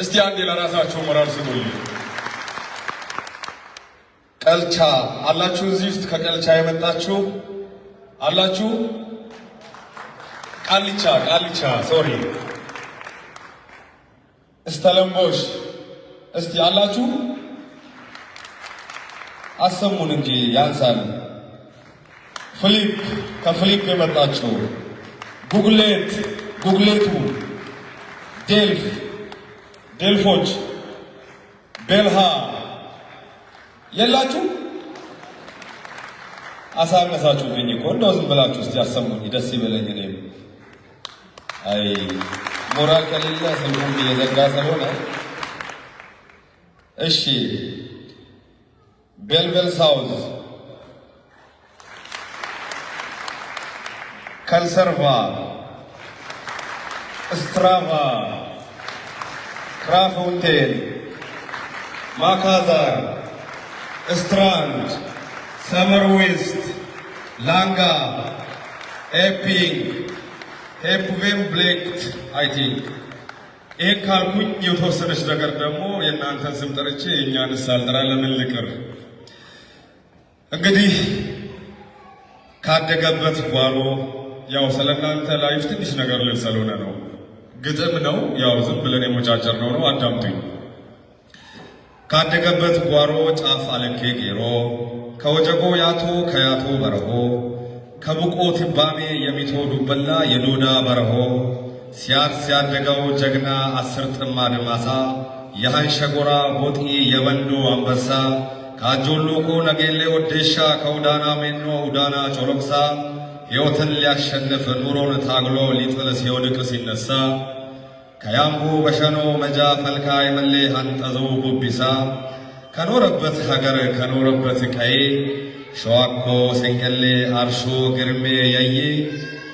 እስቲ አንዴ ለራሳቸው ሞራል ስጡልኝ። ቀልቻ አላችሁ? እዚህ ውስጥ ከቀልቻ የመጣችሁ አላችሁ? ቃልቻ ቃልቻ፣ ሶሪ እስተለምቦሽ እስቲ አላችሁ? አሰሙን እንጂ ያንሳል። ፍሊፕ ከፍሊፕ የመጣችሁ ጉግሌት ጉግሌቱ ዴልፍ ዴልፎች፣ ቤልሃ የላችሁ አሳነሳችሁብኝ እኮ እንደው ዝም ብላችሁ እስቲ አሰሙኝ፣ ደስ ይበለኝ። እኔም አይ ሞራል ከሌለ ስልኩም እየዘጋ ስለሆነ እሺ፣ ቤልቤል ሳውዝ፣ ከንሰርቫ፣ ስትራቫ ክራፎንቴን፣ ማካዛር፣ ስትራንድ፣ ሰመር ዌስት፣ ላንጋ፣ ኤፒንግ፣ ሄፕቬን ብሌክት አይ ይህን ካልኩኝ የተወሰነች ነገር ደግሞ የእናንተን ስም ጠርቼ የእኛን ሳልጠራ ለምን ልቅር? እንግዲህ ካደገበት ጓሮ ያው ስለእናንተ ላይፍ ትንሽ ነገር ልል ስለሆነ ነው። ግጥም ነው። ያው ዝም ብለን የሞጫጭር ነው ነው አዳምጡኝ። ካደገበት ጓሮ ጫፍ አለኬ ጌሮ ከወጀጎ ያቶ ከያቶ በረሆ ከብቆ ትባሜ የሚቶ ዱበላ የዶዳ በረሆ ሲያት ሲያደገው ጀግና አስር ጥማ ድማሳ የሃንሸጎራ ቦጢ የበንዶ አንበሳ ካጆሎኮ ነጌሌ ወደሻ ከውዳና ሜኖ ውዳና ጮሎቅሳ ሕይወትን ሊያሸንፍ ኑሮን ታግሎ ሊጥል ሲወድቅ ሲነሳ ከያምቡ በሸኖ መጃ ፈልካ የመሌ አንጠዘው ጉቢሳ ከኖረበት ሀገር ከኖረበት ቀዬ ሸዋኮ ሴንቀሌ አርሾ ግርሜ ያየ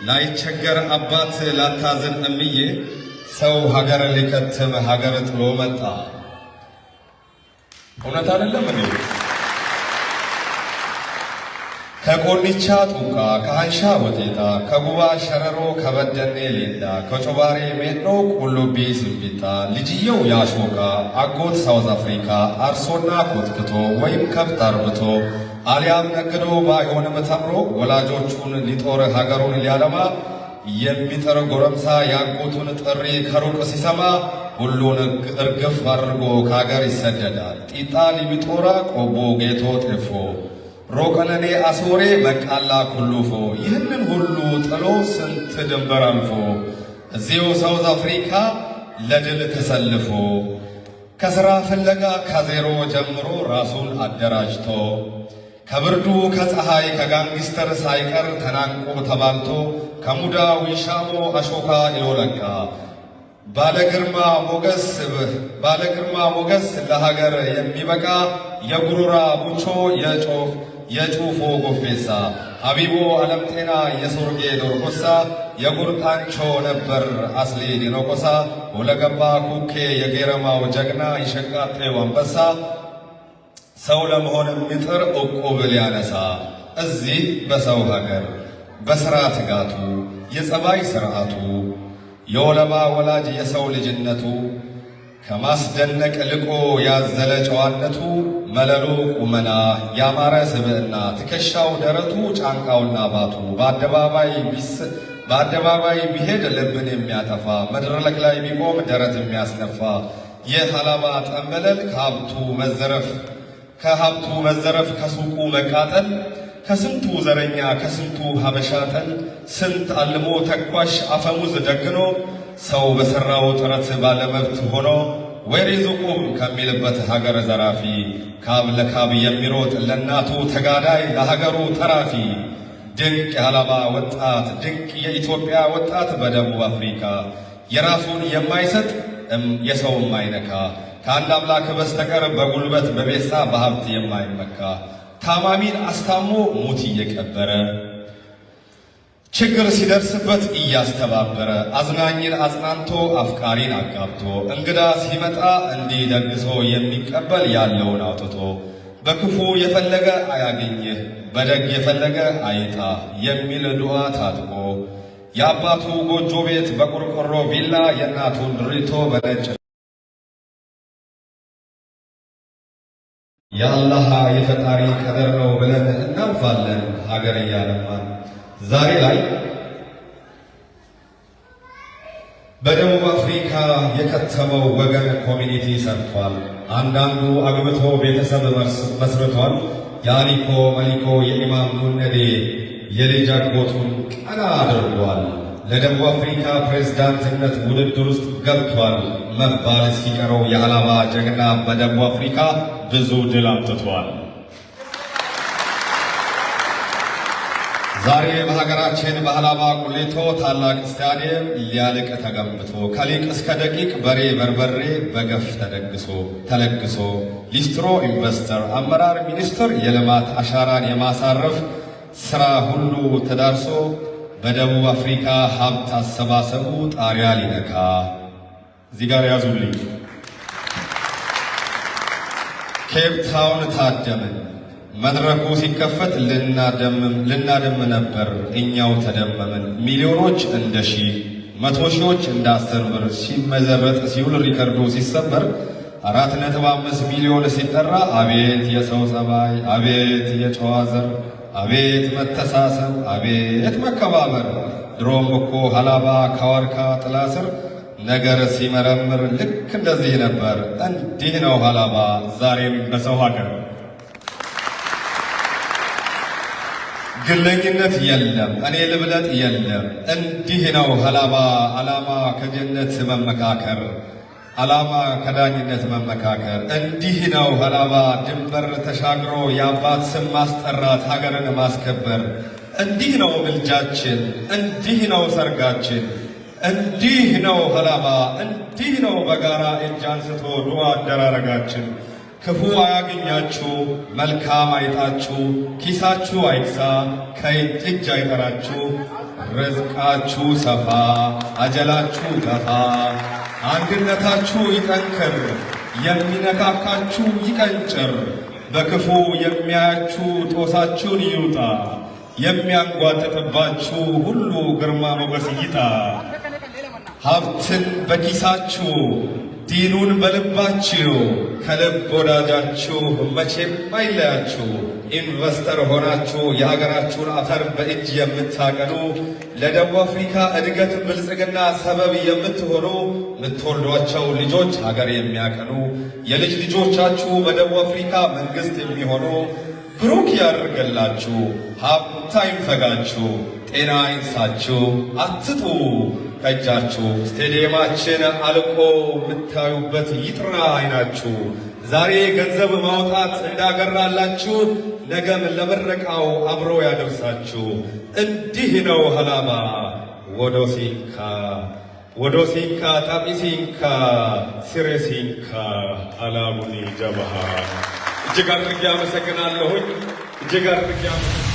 ላይቸገር አባት ላታዝን እምዬ ሰው ሀገር ሊከትም ሀገር ጥሎ መጣ። እውነት አይደለም እንዴ? ከቆንቻ ጡቃ ከሀንሻ ወጤታ ከጉባ ሸረሮ ከበደኔ ሌላ ከጮባሬ ሜኖ ቁሉቤ ስምቢጣ ልጅየው ያሾካ አጎት ሳውዝ አፍሪካ አርሶና ኮትክቶ ወይም ከብት አርብቶ አሊያም ነግዶ ባይሆንም ተምሮ ወላጆቹን ሊጦር ሀገሩን ሊያለማ የሚጠር ጎረምሳ ያጎቱን ጥሪ ከሩቅ ሲሰማ ሁሉን እርግፍ አድርጎ ከሀገር ይሰደዳል። ጢጣ ሊቢጦራ ቆቦ ጌቶ ጤፎ ሮቀለኔ አሶሬ በቃላ ኩሉፎ ይህንን ሁሉ ጥሎ ስንት ድንበር አልፎ እዚሁ ሳውዝ አፍሪካ ለድል ተሰልፎ ከሥራ ፍለጋ ከዜሮ ጀምሮ ራሱን አደራጅቶ ከብርዱ ከፀሐይ ከጋንግስተር ሳይቀር ተናንቆ ተባልቶ ከሙዳ ዊሻሞ አሾካ ይሎለቃ ባለግርማ ሞገስ ባለግርማ ሞገስ ለሀገር የሚበቃ የጉሮራ ቡቾ የጮፍ የጩፎ ጎፌሳ፣ ሀቢቦ አለምጤና ጤና፣ የሶርጌ ዶርቆሳ፣ የጉርጣንቾ ነበር አስሊ ዲኖቆሳ፣ ወለገባ ኩኬ፣ የጌረማው ጀግና፣ የሸቃጤው ወንበሳ ሰው ለመሆን የሚጥር እቁብ ሊያነሳ እዚህ በሰው ሀገር በሥራ ትጋቱ የጸባይ ሥርዓቱ የወለባ ወላጅ የሰው ልጅነቱ ከማስደነቅ ልቆ ያዘለ ጨዋነቱ መለሉ ቁመና ያማረ ስብዕና ትከሻው ደረቱ ጫንቃውና ባቱ በአደባባይ ቢሄድ ልብን የሚያጠፋ መድረክ ላይ ቢቆም ደረት የሚያስነፋ የሀላባ ጠንበለል ከሀብቱ መዘረፍ ከሀብቱ መዘረፍ ከሱቁ መቃጠል ከስንቱ ዘረኛ ከስንቱ ሀበሻ ስንት አልሞ ተኳሽ አፈሙዝ ደግኖ ሰው በሠራው ጥረት ባለመብት ሆኖ ወይሪዙቁም ከሚልበት ሀገር ዘራፊ ካብ ለካብ የሚሮጥ ለእናቱ ተጋዳይ ለሀገሩ ተራፊ ድንቅ የሀላባ ወጣት ድንቅ የኢትዮጵያ ወጣት በደቡብ አፍሪካ የራሱን የማይሰጥ የሰው የማይነካ ከአንድ አምላክ በስተቀር በጉልበት በቤሳ በሀብት የማይመካ ታማሚን አስታሞ ሙት እየቀበረ ችግር ሲደርስበት እያስተባበረ አዝናኝን አጽናንቶ አፍቃሪን አጋብቶ እንግዳ ሲመጣ እንዲህ ደግሶ የሚቀበል ያለውን አውጥቶ በክፉ የፈለገ አያገኝህ በደግ የፈለገ አይጣ የሚል ዱዓ ታጥቆ የአባቱ ጎጆ ቤት በቆርቆሮ ቪላ የእናቱን ድሪቶ በነጭ የአላህ የፈጣሪ ቀደር ነው ብለን እናውፋለን ሀገር እያለማን ዛሬ ላይ በደቡብ አፍሪካ የከተመው ወገን ኮሚኒቲ ሰርቷል። አንዳንዱ አግብቶ ቤተሰብ መስርቷል። የአሊኮ መሊኮ የኢማም ሙነዴ የልጅ አጎቱን ቀና አድርጓል። ለደቡብ አፍሪካ ፕሬዝዳንትነት ውድድር ውስጥ ገብቷል መባል እስኪቀረው የዓላማ ጀግና በደቡብ አፍሪካ ብዙ ድል አምጥቷል። ዛሬ በሀገራችን ባህላባ ቁሊቶ ታላቅ ስታዲየም ሊያልቅ ተገንብቶ ከሊቅ እስከ ደቂቅ በሬ በርበሬ በገፍ ተደግሶ ተለግሶ ሊስትሮ ኢንቨስተር፣ አመራር፣ ሚኒስትር የልማት አሻራን የማሳረፍ ስራ ሁሉ ተዳርሶ በደቡብ አፍሪካ ሀብት አሰባሰቡ ጣሪያ ሊነካ እዚህ ጋር ያዙልኝ ኬፕ ታውን ታደምን መድረኩ ሲከፈት ልናደም ነበር እኛው ተደመምን። ሚሊዮኖች እንደ ሺህ፣ መቶ ሺዎች እንደ አስር ብር ሲመዘረጥ ሲውል ሪከርዶ ሲሰበር አራት ነጥብ አምስት ሚሊዮን ሲጠራ አቤት የሰው ጸባይ፣ አቤት የጨዋ ዘር፣ አቤት መተሳሰብ፣ አቤት መከባበር። ድሮም እኮ ሀላባ ከዋርካ ጥላ ስር ነገር ሲመረምር ልክ እንደዚህ ነበር። እንዲህ ነው ሀላባ ዛሬም በሰው ሀገር ግለኝነት የለም፣ እኔ ልብለጥ የለም። እንዲህ ነው አላማ አላማ ከጀነት መመካከር አላማ ከዳኝነት መመካከር እንዲህ ነው አላማ ድንበር ተሻግሮ የአባት ስም ማስጠራት ሀገርን ማስከበር እንዲህ ነው ምልጃችን፣ እንዲህ ነው ሰርጋችን፣ እንዲህ ነው አላማ እንዲህ ነው በጋራ እጅ አንስቶ ዱዓ አደራረጋችን። ክፉ አያገኛችሁ፣ መልካም አይጣችሁ፣ ኪሳችሁ አይክሳ ከይን እጅ አይጠራችሁ። ርዝቃችሁ ሰፋ፣ አጀላችሁ ገፋ፣ አንድነታችሁ ይጠንክር፣ የሚነካካችሁ ይቀንጭር። በክፉ የሚያያችሁ ጦሳችሁን ይውጣ፣ የሚያንጓጥጥባችሁ ሁሉ ግርማ ሞገስ ይጣ። ሀብትን በኪሳችሁ ዲኑን በልባችሁ ከልብ ወዳጃችሁ መቼም አይለያችሁ። ኢንቨስተር ሆናችሁ የሀገራችሁን አፈር በእጅ የምታቀኑ ለደቡብ አፍሪካ እድገት ብልጽግና ሰበብ የምትሆኑ የምትወልዷቸው ልጆች ሀገር የሚያቀኑ የልጅ ልጆቻችሁ በደቡብ አፍሪካ መንግሥት የሚሆኑ ብሩክ ያደርገላችሁ። ሀብታ ይንፈጋችሁ፣ ጤና ይንሳችሁ። አትጡ ጠጃችሁ ስቴዲየማችን አልቆ የምታዩበት ይጥራ አይናችሁ። ዛሬ ገንዘብ ማውጣት እንዳገራላችሁ ነገም ለምረቃው አብሮ ያደርሳችሁ። እንዲህ ነው ሀላማ ወዶሲንካ ወዶሲንካ ጣጲሲንካ ሲሬሲንካ አላሙኒ ጀበሃ እጅግ አድርጌ አመሰግናለሁኝ። እጅግ አድርጌ